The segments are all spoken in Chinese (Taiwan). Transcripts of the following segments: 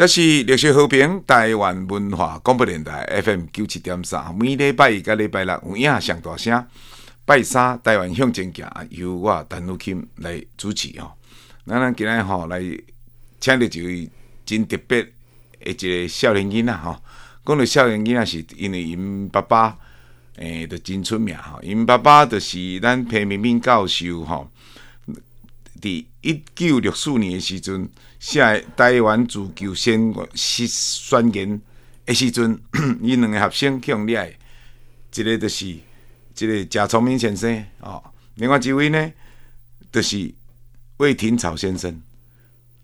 這是綠色和平、台灣文化廣播電台 FM 九七點三，每禮拜一、到禮拜六午夜上大聲。拜三，台灣向前行，由我陳雨鑫來主持吼，咱、哦、今日吼、哦、來，請到一位真特別的一個少年囡仔。吼、哦。講到少年囡仔是因為因爸爸誒、呃，就真出名吼。因、哦、爸爸就是咱彭明敏教授吼。哦佇一九六四年誒時陣，下台灣自救宣言誒時陣，因兩 個學生強烈，一個就是，一個謝聰敏先生哦，另外一位呢，就是魏廷朝先生。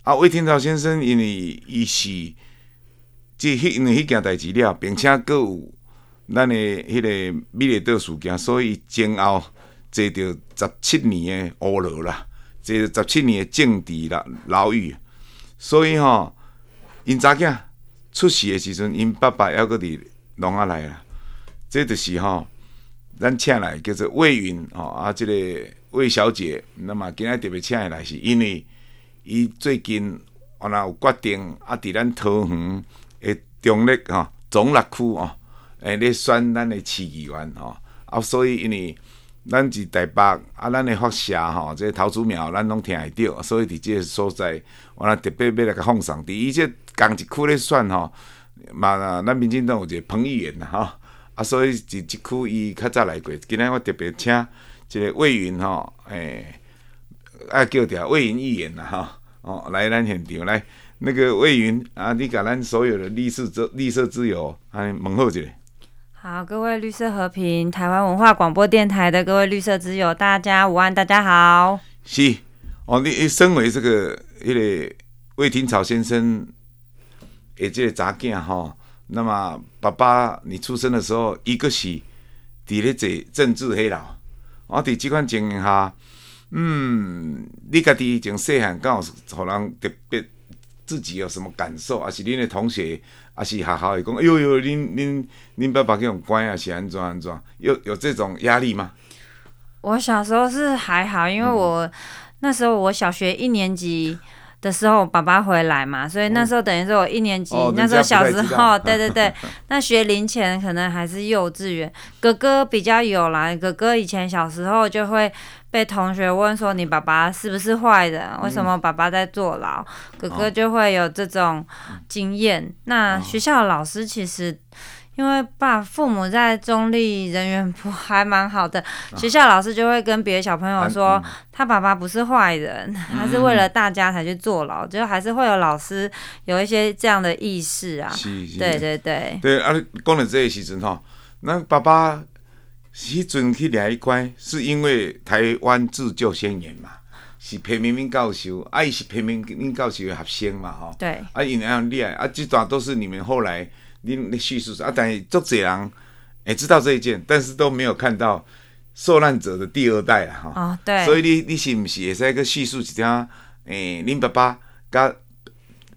啊，魏廷朝先生因為伊是即迄因為迄件代志了，並且擱有咱誒迄個美麗島事件，所以前後坐到十七年誒牢了。這是十七年的政治啦牢獄，所以吼因查囝出事的時陣，因爸爸還佫佇籠仔內啦。這就是吼、哦、咱請來叫做魏筠吼、哦、啊，即、這個魏小姐，咱嘛今日特別請伊來是因為伊最近啊，若有決定啊，佇咱桃園的中壢吼中壢區啊，咧、哦欸、選咱的市議員吼、哦、啊，所以因為。咱佇台北啊，咱的發射吼，即、哦這個桃竹苗咱攏聽會到，所以佇即個所在，我拉特別要來個放送。佇伊即同一區咧算吼、哦，嘛，咱、啊、民進黨有一個彭議員啦，吼、哦，啊，所以佇即區伊較早來過，今日我特別請一個魏筠吼，誒、哦、啊、欸、叫著魏筠議員啦，吼哦，來咱現場來，那個魏筠啊，你甲咱所有的綠色之綠色之友，哎、啊，問好者。好，各位綠色和平、台灣文化廣播電台的各位綠色之友，大家午安，大家好。是，哦，你身為這個一、那個魏廷朝先生，的這個雜件哈。那麼，爸爸，你出生的時候，一個是佇咧做政治黑牢。我、哦、佇這款情形下，嗯，你家己從細漢到，互人特別。自己有什麼感受？還是您的同學，還是好好的？哎呦呦，您您您爸爸這種關啊，是安裝安裝，有有這種壓力嗎？我小時候是還好，因為我、嗯、那時候我小學一年級的時候，爸爸回來嘛，所以那時候等於說我一年級、哦、那時候小時候，哦、對對對， 那學齡前可能還是幼稚園，哥哥比較有啦。哥哥以前小時候就會。被同學問說你爸爸是不是壞人？為什麼爸爸在坐牢？嗯、哥哥就會有這種經驗。哦、那學校的老師其實因為爸父母在中立人緣，不還蠻好的。哦、學校老師就會跟別的小朋友說，他爸爸不是壞人，啊嗯、 他是為了大家才去坐牢。嗯、就還是會有老師有一些這樣的意識啊。是是對對對，對，而且過年這些時陣那爸爸。迄陣去掠一關，是因為台灣自救宣言嘛，是彭明敏教授，啊，伊是彭明敏教授的學生嘛？吼。對。啊，伊那樣厲害，阿幾都是你們後來恁恁敘述。啊，但足濟人也知道這一件，但是都沒有看到受難者的第二代了、啊、哈。啊、哦，對。所以你你是不是也是一個敘述一下？誒、欸，恁爸爸甲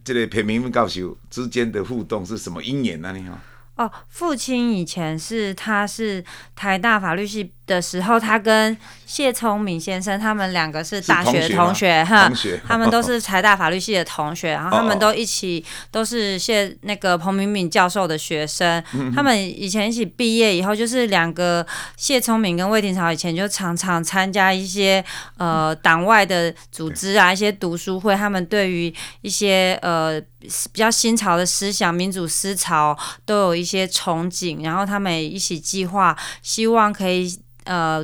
這個彭明敏教授之間的互動是什麼姻緣啊？呢？哈？哦，父親以前是，他是台大法律系。的時候，他跟謝聰敏先生，他們兩個是大學同學哈，他們都是財大法律系的同學， 然後他們都一起都是謝那個彭明敏教授的學生，嗯、哼他們以前一起畢業以後，就是兩個謝聰敏跟魏廷朝以前就常常參加一些呃黨外的組織啊，一些讀書會，嗯、他們對於一些呃比較新潮的思想、民主思潮都有一些憧憬，然後他們也一起計劃，希望可以。呃，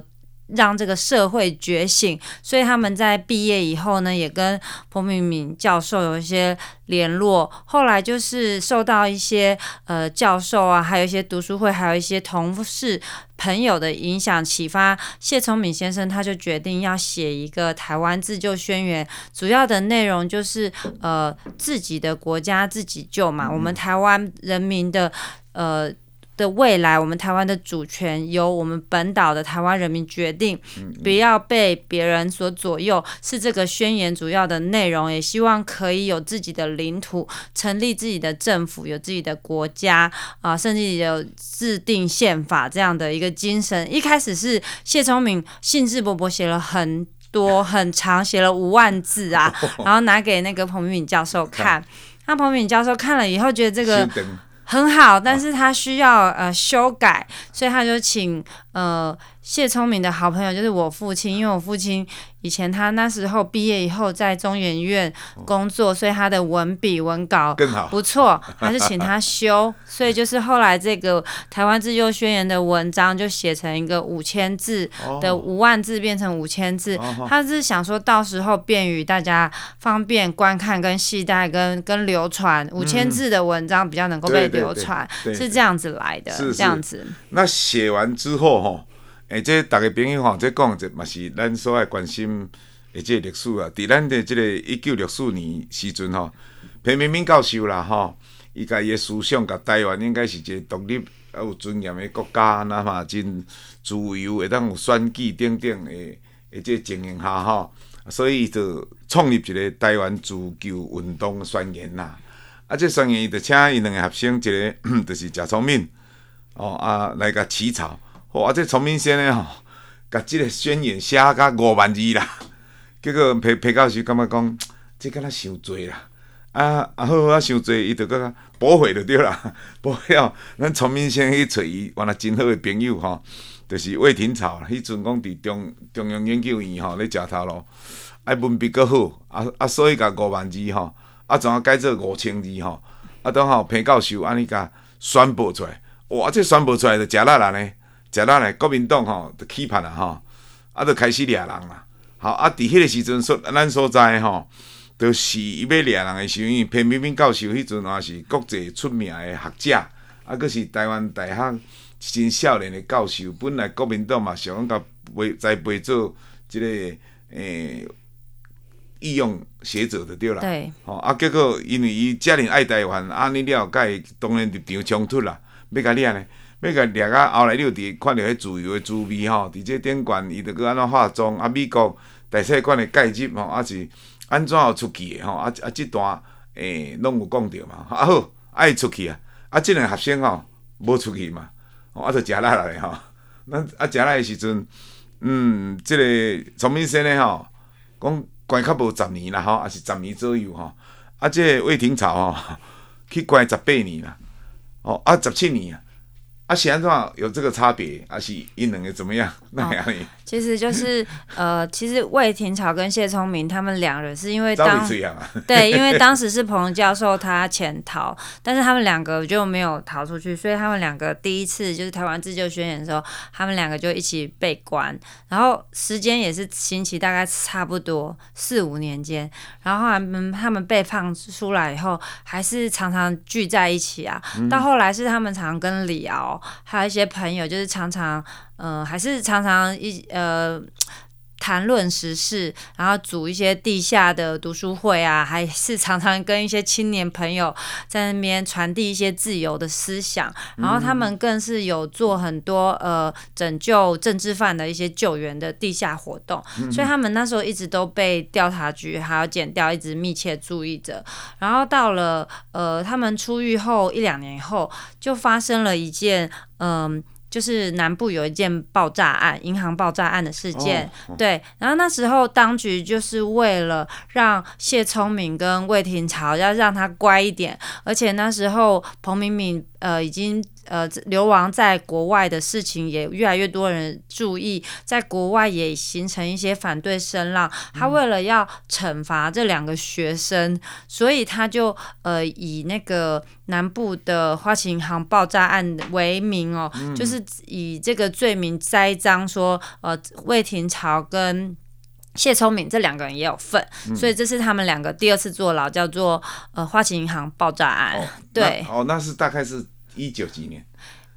讓這個社會覺醒，所以他們在畢業以後呢，也跟彭明敏教授有一些聯絡。後來就是受到一些呃教授啊，還有一些讀書會，還有一些同事朋友的影響啟發，謝聰敏先生他就決定要寫一個台灣自救宣言。主要的內容就是呃，自己的國家自己救嘛，嗯，我們台灣人民的呃。的未來，我們台灣的主權由我們本島的台灣人民決定，嗯嗯，不要被別人所左右，是這個宣言主要的內容。也希望可以有自己的領土，成立自己的政府，有自己的國家啊、呃，甚至有制定憲法這樣的一個精神。一開始是謝聰敏興致勃勃寫了很多很長，寫了五萬字啊，哦、然後拿給那個彭明敏教授看，那看、啊、彭明敏教授看了以後覺得這個。很好，但是他需要呃修改，所以他就請呃。謝聰明的好朋友就是我父親，因為我父親以前他那時候畢業以後在中研院工作，所以他的文筆文稿更好，不錯，還是更好 請他修， 所以就是後來這個台灣自救宣言的文章就寫成一個五千字、哦、的，五萬字變成五千字，哦哦、他是想說到時候便於大家方便觀看跟攜帶跟跟流傳，嗯、五千字的文章比較能夠被流傳，對對對對是這樣子來的，對對對這樣子是是。那寫完之後哈。誒，即個、欸、大家朋友吼，即講者嘛是咱所愛關心誒，即歷史啊。佇咱的即個一九六四年時陣吼、哦，彭明敏教授啦吼，伊家嘅思想甲台灣應該是一個獨立、啊，有尊嚴嘅國家，哪怕真自由，會當有選舉等等誒，誒、這個啊，即情形下吼，所以伊就創立一個台灣自救運動宣言啦。啊，即宣言伊就請伊兩個學生，一個著、就是謝聰敏，吼、哦，啊來甲起草。哇！即個聰敏先呢吼，共、啊、即、哦、個宣言寫啊五萬字啦。結果彭彭教授感覺講，即敢若傷多啦。啊啊好好啊，傷多伊就個駁回就對啦。駁啊、哦，咱聰敏先去揣伊原來真好個朋友吼、哦，就是魏廷朝，迄陣講佇中中央研究院吼咧食頭咯，啊文筆閣好啊啊，所以甲五萬字吼、哦、啊，怎啊改做五千字吼、哦、啊，拄好彭教授安尼個宣布出來。哇、哦！即、啊、個宣布出來就食力啦呢。食啦咧，國民黨吼就起判啦吼，啊就開始掠人啦。好，啊在迄個時陣說，咱所在吼，就是伊要掠人的時候，潘明敏教授迄陣也是國際出名的學者，啊，閣是臺灣大學真少年的教授。本來國民黨嘛想講袂再袂做即、這個誒，御、欸、用學者著對啦。對。啊，結果因為伊真令愛臺灣，啊，你了解，當然立場衝突啦，要甲掠咧。迄個掠啊，後來你有佇看着迄自由個滋味吼？佇即個店館，伊、啊、着、啊、去安怎化妝？啊，美國大使館個介入吼，啊、欸，是安怎出去個吼？啊啊，即段誒，攏有講着嘛？啊好，啊，伊出去啊！啊、哦，即個學生吼，無出去嘛？吼啊，啊，就食力啦唻哈！那啊，食力來時陣，嗯，即、這個聰敏先生呢吼、哦，講關卡無十年啦吼，也、啊、是十年左右吼。啊，即個魏廷朝吼、哦，去關十八年啦，吼，啊十七年啊。啊形狀有這個差別，而、啊、是性能又怎麼樣那、啊、樣其實就是， 呃，其實魏廷朝跟謝聰明他們兩人是因為當、啊、 對，因為當時是彭教授他潛逃， 但是他們兩個就沒有逃出去，所以他們兩個第一次就是台灣自救宣言的時候，他們兩個就一起被關，然後時間也是刑期大概差不多四五年間，然後，後他們被放出來以後，還是常常聚在一起啊，嗯、到後來是他們常，常跟李敖還有一些朋友，就是常常。嗯、呃，還是常常一呃談論時事，然後組一些地下的讀書會啊，還是常常跟一些青年朋友在那邊傳遞一些自由的思想，嗯、哼然後他們更是有做很多呃拯救政治犯的一些救援的地下活動，嗯、哼所以他們那時候一直都被調查局還有檢調，一直密切注意着。然後到了呃他們出獄後一兩年後，就發生了一件嗯。呃就是南部有一件爆炸案，銀行爆炸案的事件，oh. 對。然後那時候當局就是為了讓謝聰敏跟魏廷朝，要讓他乖一點，而且那時候彭明敏。呃，已經呃流亡在國外的事情也越來越多人注意，在國外也形成一些反對聲浪。他為了要懲罰這兩個學生，所以他就呃以那個南部的花旗銀行爆炸案的為名哦，嗯、就是以這個罪名栽贓說，呃魏廷朝跟謝聰敏這兩個人也有份，嗯、所以這是他們兩個第二次坐牢，叫做呃花旗銀行爆炸案。哦、對，哦，那是大概是。一九幾年，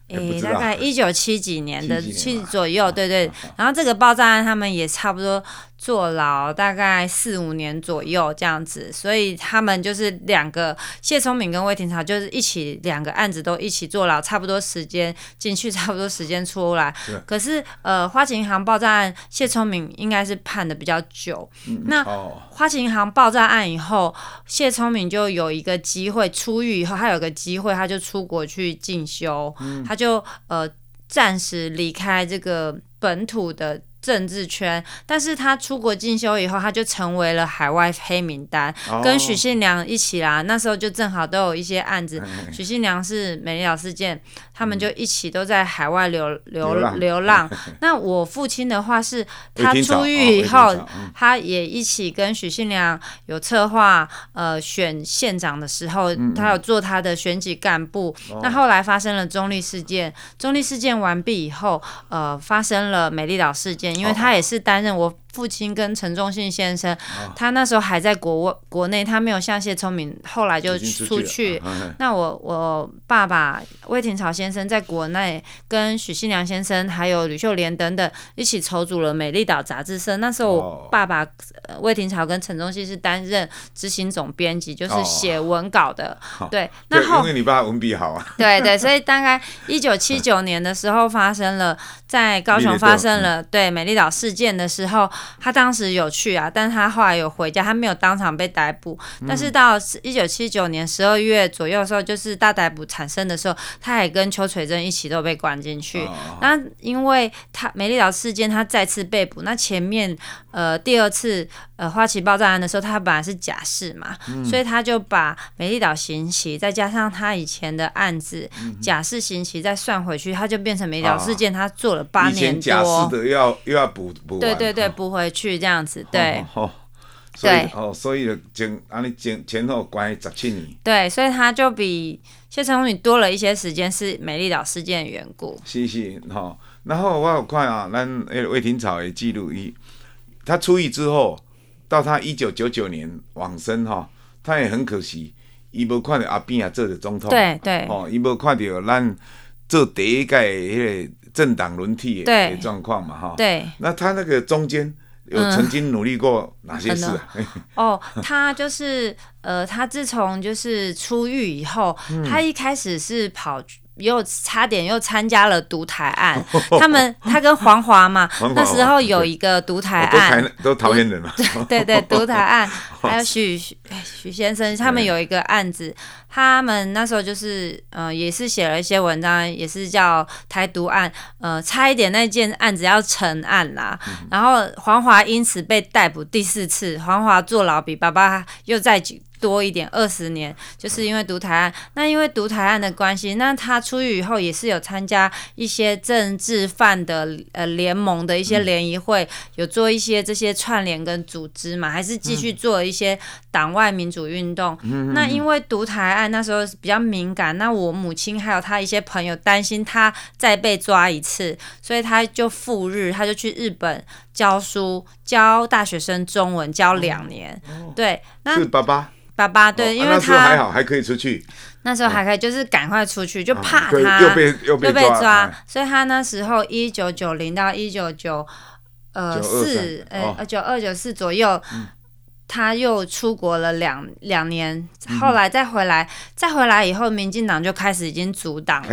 誒、欸，大概一九七幾年的七，年七年左右，對對，對，啊啊、然後這個爆炸案，他們也差不多。坐牢大概四五年左右這樣子，所以他們就是兩個謝聰敏跟魏廷朝，就是一起兩個案子都一起坐牢，差不多時間進去，差不多時間出來。是的可是呃，花旗銀行爆炸案，謝聰敏應該是判的比較久。嗯、那好好花旗銀行爆炸案以後，謝聰敏就有一個機會出獄以後，他有個機會，他就出國去進修，嗯、他就呃暫時離開這個本土的。政治圈，但是他出國進修以後，他就成為了海外黑名單，跟許信良一起啦。那時候就正好都有一些案子，許、哦、信良是美麗島事件，嗯、他們就一起都在海外流流流浪。那我父親的話是，他出獄以後，哦哦嗯、他也一起跟許信良有策劃，呃，選縣長的時候，嗯、他有做他的選舉幹部。哦、那後來發生了中壢事件，中壢事件完畢以後，呃，發生了美麗島事件。因為他也是擔任我。父親跟陳忠信先生，哦、他那時候還在國外，國內他沒有像謝聰明，後來就出去。出去啊、那我我爸爸魏廷朝先生在國內跟許信良先生還有呂秀蓮等等一起籌組了美麗島雜誌社。那時候我爸爸、哦呃、魏廷朝跟陳忠信是擔任執行總編輯，就是寫文稿的。哦、對，那後、哦、對因為你爸文筆好啊。對對，所以大概一九七九年的時候發生了，在高雄發生了對，對、嗯、對美麗島事件的時候。他當時有去啊，但他後來有回家，他沒有當場被逮捕。嗯、但是到一九七九年十二月左右的時候，就是大逮捕產生的時候，他還跟邱垂貞一起都被關進去。啊、那因為他美麗島事件，他再次被捕。那前面呃第二次呃花旗爆炸案的時候，他本來是假釋嘛，嗯、所以他就把美麗島刑期再加上他以前的案子、嗯、假釋刑期再算回去，他就變成美麗島事件他坐了八年多、啊。以前假釋的又要又要補補，對對對補。哦回去這樣子對、哦，對、哦，對，哦，所以就前，前後關係十七年，對，所以他就比謝長廷多了一些時間，是美麗島事件的緣故。是是、哦，然後我有看啊，咱魏廷朝的記錄儀，他出獄之後，到他一九九九年往生，哈、哦，他也很可惜，伊無看到阿扁啊做的總統，對對，對哦，伊無看到咱。這第一屆政黨輪替的狀況嘛，哈，對，那他那個中間有曾經努力過、嗯、哪些事啊？ 哦，他就是，呃，他自從就是出獄以後，嗯、他一開始是跑。又差點又參加了獨台案， 他們他跟黃華嘛， 華華那時候有一個獨台案，都討厭人，對對，獨台案， 還有許許先生他們有一個案子，對耶 他們那時候就是嗯、呃，也是寫了一些文章，也是叫台獨案，呃，差一點那件案子要成案啦，然後黃華因此被逮捕第四次，黃華坐牢比爸爸又再久。多一點二十年，就是因為獨台案。嗯、那因為獨台案的關係，那他出獄以後也是有參加一些政治犯的呃聯盟的一些聯誼會，嗯、有做一些這些串聯跟組織嘛，還是繼續做一些黨外民主運動。嗯、那因為獨台案那時候比較敏感，嗯嗯嗯那我母親還有他一些朋友擔心他再被抓一次，所以他就赴日，他就去日本教書，教大學生中文教兩年。嗯哦、對，那爸爸。爸爸對，哦、因為他、啊、那時候還好，還可以出去。那時候還可以，嗯、就是趕快出去，就怕他、啊、又被又被抓。被抓哎、所以他那時候一九九零到一九九呃四呃九二九四左右。哦嗯他又出國了兩兩年，後來再回來，再回來以後，民進黨就開始已經組黨了。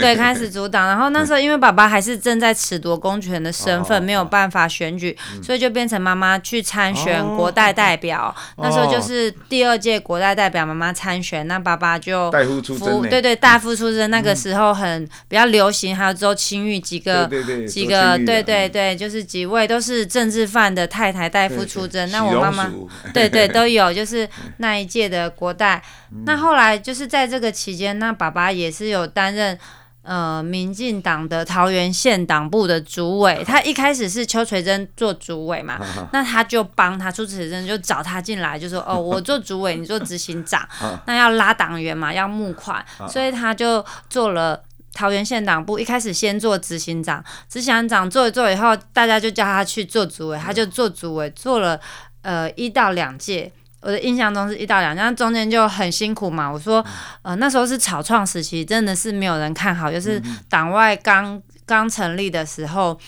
對，開始組黨，然後那時候，因為爸爸還是正在褫奪公權的身份，沒有辦法選舉，所以就變成媽媽去參選國代代表。那時候就是第二屆國代代表，媽媽參選，那爸爸就代夫出征。對對，代夫出征。那個時候很比較流行，還有周清玉幾個幾個，對對對，就是幾位都是政治犯的太太代夫出征。那我媽媽。嘿嘿嘿對對,對都有，就是那一屆的國代。嘿嘿嗯、那後來就是在這個期間，那爸爸也是有擔任呃民進黨的桃園縣黨部的主委。他一開始是邱垂珍做主委嘛，呵呵那他就幫他出垂珍就找他進來，就說哦，我做主委，你做執行長。呵呵那要拉黨員嘛，要募款，呵呵所以他就做了桃園縣黨部。一開始先做執行長，執行長做一做以後，大家就叫他去做主委，他就做主委，做了。呃，一到兩屆，我的印象中是一到兩屆，那中間就很辛苦嘛。我說，呃，那時候是草創時期，真的是沒有人看好，嗯、哼就是黨外剛剛成立的時候，嗯、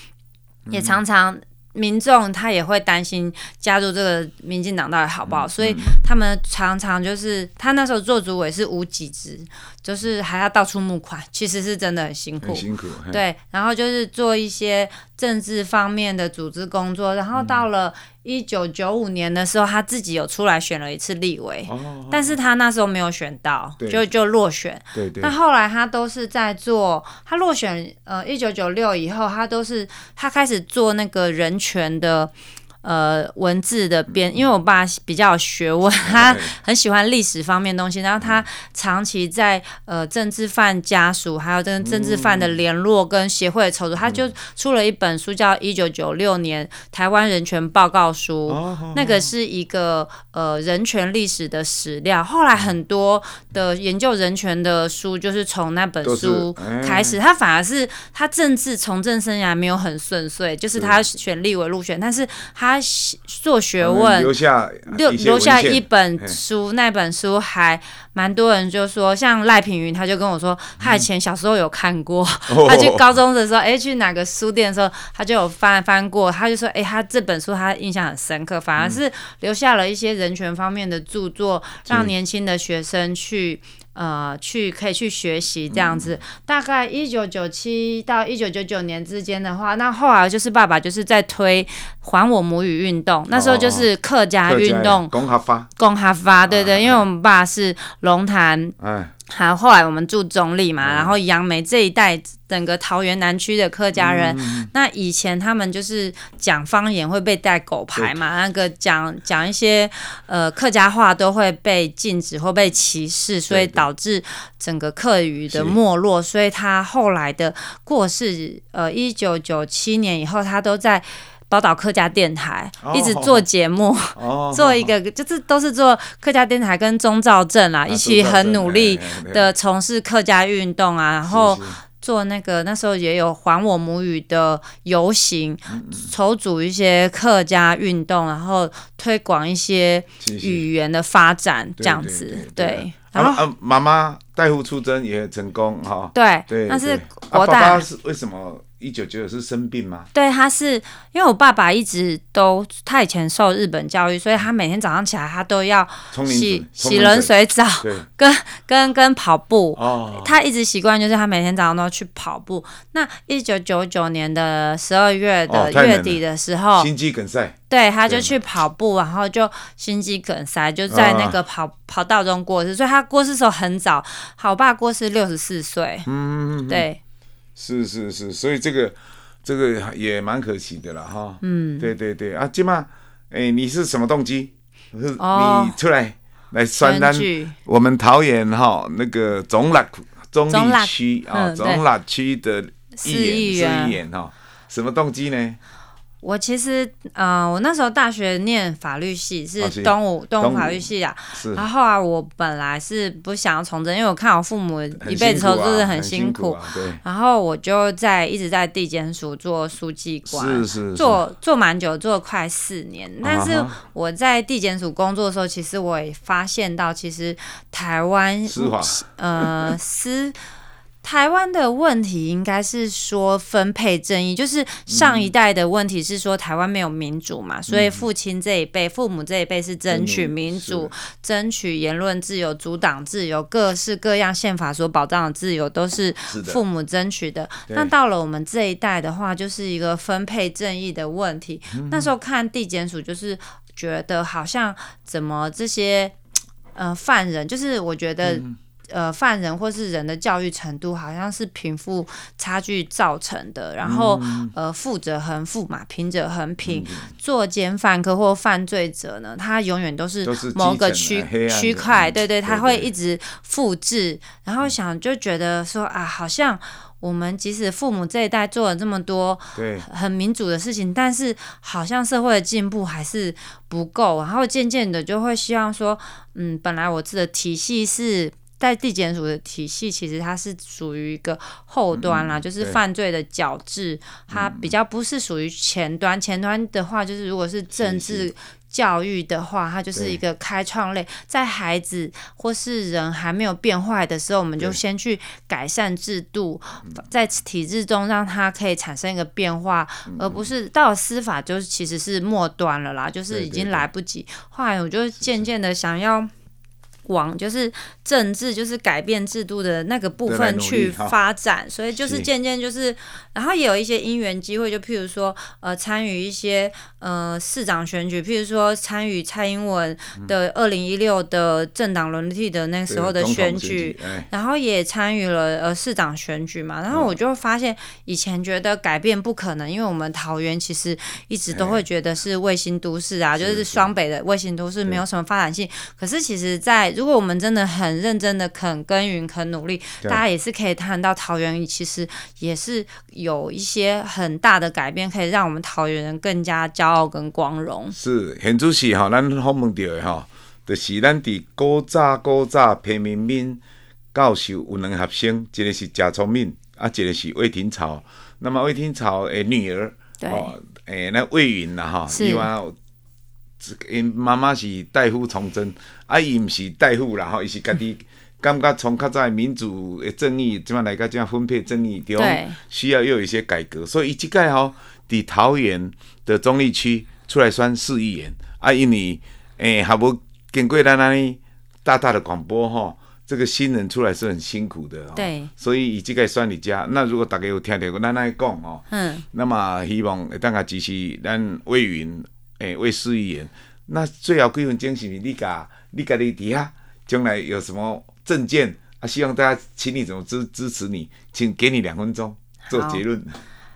哼也常常民眾他也會擔心加入這個民進黨到底好不好，嗯、哼所以他們常常就是他那時候做主委是無給職。就是還要到處募款，其實是真的很辛苦。很辛苦，對。然後就是做一些政治方面的組織工作。然後到了一九九五年的時候，嗯、他自己有出來選了一次立委，哦哦哦，但是他那時候沒有選到，對就就落選。對，對對。那後來他都是在做，他落選呃一九九六以後，他都是他開始做那個人權的。呃，文字的編，因為我爸比較有學問，他很喜歡歷史方面的東西。然後他長期在呃政治犯家屬，還有跟政治犯的聯絡跟協會的籌組，他就出了一本書叫《一九九六年台灣人權報告書》，那個是一個呃人權歷史的史料。後來很多的研究人權的書，就是從那本書開始。他反而是他政治從政生涯沒有很順遂，就是他選立委入選，但是他。他做學問，留下留留下一本書，嘿那本書還蠻多人就說，像賴品妤，他就跟我說，他以前小時候有看過，嗯、他去高中的時候，哎、欸，去哪個書店的時候，他就有翻翻過，他就說，哎、欸，他這本書他印象很深刻，反而是留下了一些人權方面的著作，讓年輕的學生去。呃，去可以去學習這樣子。嗯、大概一九九七到一九九九年之間的話，那後來就是爸爸就是在推還我母語運動，哦、那時候就是客家運動，客家，公哈發，公哈發、嗯、對，對對，哦、因為我們爸是龍潭。嗯好、啊，後來我們住中壢嘛，嗯、然後楊梅這一帶整個桃園南區的客家人，嗯嗯、那以前他們就是講方言會被戴狗牌嘛，對那個講講一些呃客家話都會被禁止或被歧視，對對對所以導致整個客語的沒落，是所以他後來的過世，呃，一九九七年以後，他都在。寶島客家電台一直做節目，做一個就是都是做客家電台，跟鍾肇政啊，一起很努力的從事客家運動啊，然後做那個那時候也有還我母語的遊行，籌組一些客家運動，然後推廣一些語言的發展這樣子。對，媽媽代父出征也很成功哈。對，對，那是國代。爸爸是為什麼？一九九九是生病嗎？對，他是因為我爸爸一直都，他以前受日本教育，所以他每天早上起來，他都要洗洗冷水澡，對跟跟跟跑步。哦、他一直習慣，就是他每天早上都要去跑步。那一九九九年的十二月的月底的時候，哦、心肌梗塞。對，他就去跑步，然後就心肌梗塞，嘛就在那個跑、啊、跑道中過世，所以他過世的時候很早。好，爸過世六十四歲。嗯哼哼，對。是是是，所以這個，這個也蠻可惜的了哈。嗯，對對對，啊，金媽，哎、欸，你是什麼動機？是、哦，你出來來算單，具我們桃園哈那個中壢中壢區啊，中壢區的議員，是議員哈，是議員啊，什麼動機呢？我其實，嗯、呃，我那時候大學念法律系，是東吳東吳法律系啊。然後啊，我本來是不想要從政，因為我看我父母一輩子都是很辛苦。然後我就在一直在地檢署做書記官，是是是做做蠻久，做快四年。但是我在地檢署工作的時候，其實我也發現到，其實台灣嗯，司法。呃 台灣的問題應該是說分配正義，就是上一代的問題是說台灣沒有民主嘛，嗯、所以父親這一輩、嗯、父母這一輩是爭取民主、嗯、爭取言論自由、組黨自由、各式各樣憲法所保障的自由，都是父母爭取的。那到了我們這一代的話，就是一個分配正義的問題。嗯、那時候看地檢署，就是覺得好像怎麼這些呃犯人，就是我覺得、嗯。呃，犯人或是人的教育程度，好像是貧富差距造成的。嗯、然後，呃，富者恆富嘛，貧者恆貧。作奸、嗯、犯科或犯罪者呢，他永遠都是某個區區塊。對對，他會一直複製。對對，然後想就覺得說啊，好像我們即使父母這一代做了這麼多很民主的事情，對但是好像社會的進步還是不夠。然後漸漸的就會希望說，嗯，本來我自己的體系是。在地檢署的體系，其實它是屬於一個後端啦，嗯、就是犯罪的矯治，嗯、它比較不是屬於前端。前端的話，就是如果是政治教育的話，是是它就是一個開創類，對在孩子或是人還沒有變壞的時候，對我們就先去改善制度，對在體制中讓它可以產生一個變化，嗯、而不是到了司法就是其實是末端了啦，就是已經來不及。對對對後來我就漸漸的想要。往就是政治，就是改變制度的那個部分去發展，所以就是漸漸就是，是然後也有一些因緣機會，就譬如說，呃，參與一些呃市長選舉，譬如說參與蔡英文的二零一六的政黨輪替的那個時候的選舉，嗯總統選舉哎、然後也參與了呃市長選舉嘛，然後我就發現以前覺得改變不可能，哦、因為我們桃園其實一直都會覺得是衛星都市啊，哎、就是雙北的衛星都市沒有什麼發展性，可是其實在。如果我們真的很認真的肯耕耘肯努力，啊、大家也是可以看到桃園其實也是有一些很大的改變，可以讓我們桃園人更加驕傲跟光榮。是，很主席哈，咱訪問到的，哈，就是咱的古早古早彭明敏教授，有兩個學生，一個是賈聰明，啊，一個是魏廷朝。那麼魏廷朝的女兒，對，哎、欸，那魏筠了哈，伊話。因媽媽是代夫從政，啊伊毋是代夫啦吼，伊是家己感覺從較早民主誒正義即馬來講，即馬分配正義對，需要又有一些改革，對所以伊即擺吼，佇桃園的中立區出來選市議員，啊因為誒，好無經過人按呢大大的廣播吼，這個新人出來是很辛苦的吼，對，所以伊即擺選佇遮，那如果大家有聽到咱按呢講吼，嗯，那麼希望大家支持咱魏筠。誒、欸，魏筠議員，那最後幾分鐘是你家？你家的底下，將來有什麼政見？啊？希望大家請你怎麼支支持你，請給你兩分鐘做結論。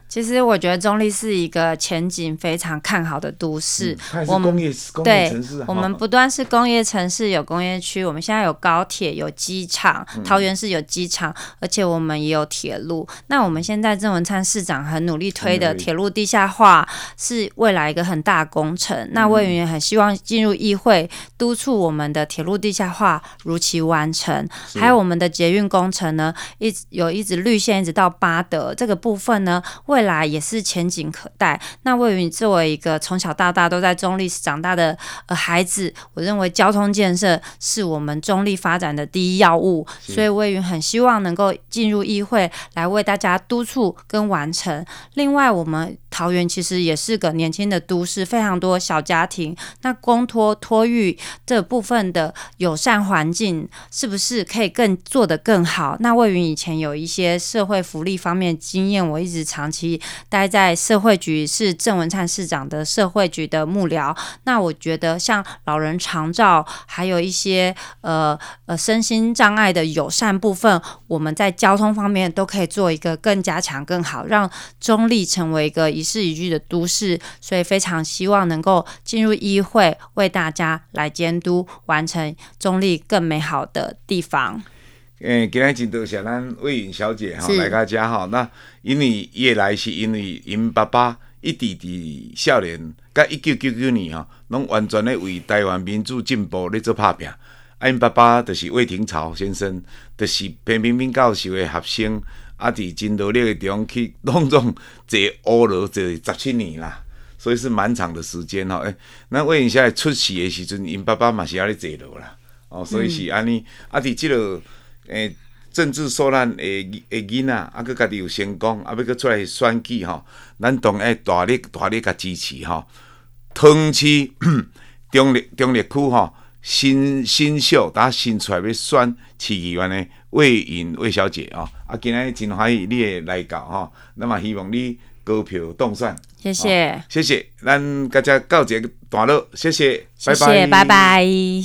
其實我覺得中壢是一個前景非常看好的都市。嗯、我們、啊、對我們不斷是工業城市，有工業區。我們現在有高鐵，有機場，嗯、桃園市有機場，而且我們也有鐵路。那我們現在鄭文燦市長很努力推的鐵路地下化，是未來一個很大的工程。嗯、那魏筠很希望進入議會，督促我們的鐵路地下化如期完成。是還有我們的捷運工程呢，一直有一直綠線一直到八德這個部分呢。未來也是前景可待。那魏筠作為一個從小到大都在中壢長大的孩子，我認為交通建設是我們中壢發展的第一要務，是所以魏筠很希望能夠進入議會來為大家督促跟完成。另外，我們桃園其實也是個年輕的都市，非常多小家庭。那公托托育這部分的友善環境，是不是可以更做得更好？那魏筠以前有一些社會福利方面經驗，我一直長期。待在社會局，是鄭文燦市長的社會局的幕僚。那我覺得像老人長照，還有一些呃呃身心障礙的友善部分，我們在交通方面都可以做一個更加強、更好，讓中壢成為一個宜室宜居的都市，所以非常希望能夠進入議會為大家來監督，完成中壢更美好的地方。誒，今日真多謝咱魏筠小姐哈來到遮吼。是那因為伊葉來是因為因爸爸一直佇少年甲一九九九年吼，攏完全咧為台灣民主進步咧做拍拼。啊，因爸爸就是魏廷朝先生，嗯、就是彭明敏教授誒學生，啊佇真努力誒地方去攏總坐烏樓坐十七年啦，所以是蠻長的時間吼。誒、啊欸，那魏筠小姐出世的時陣，因爸爸嘛是阿咧坐樓啦，哦、啊，所以是安尼，嗯、啊，佇即、這個。誒、欸，政治受難誒誒囡仔啊，佮家己有成功，啊，要佮出來選舉吼、啊，咱同愛大力大力甲支持吼。同、啊、市中中立區吼，新新秀，搭新出來要選市議員的魏筠魏小姐啊，啊，今日真歡喜你來搞吼，那、啊、麼希望你高票當選。謝謝、啊，謝謝，咱大家告一個段落，謝謝，謝謝拜拜，拜拜。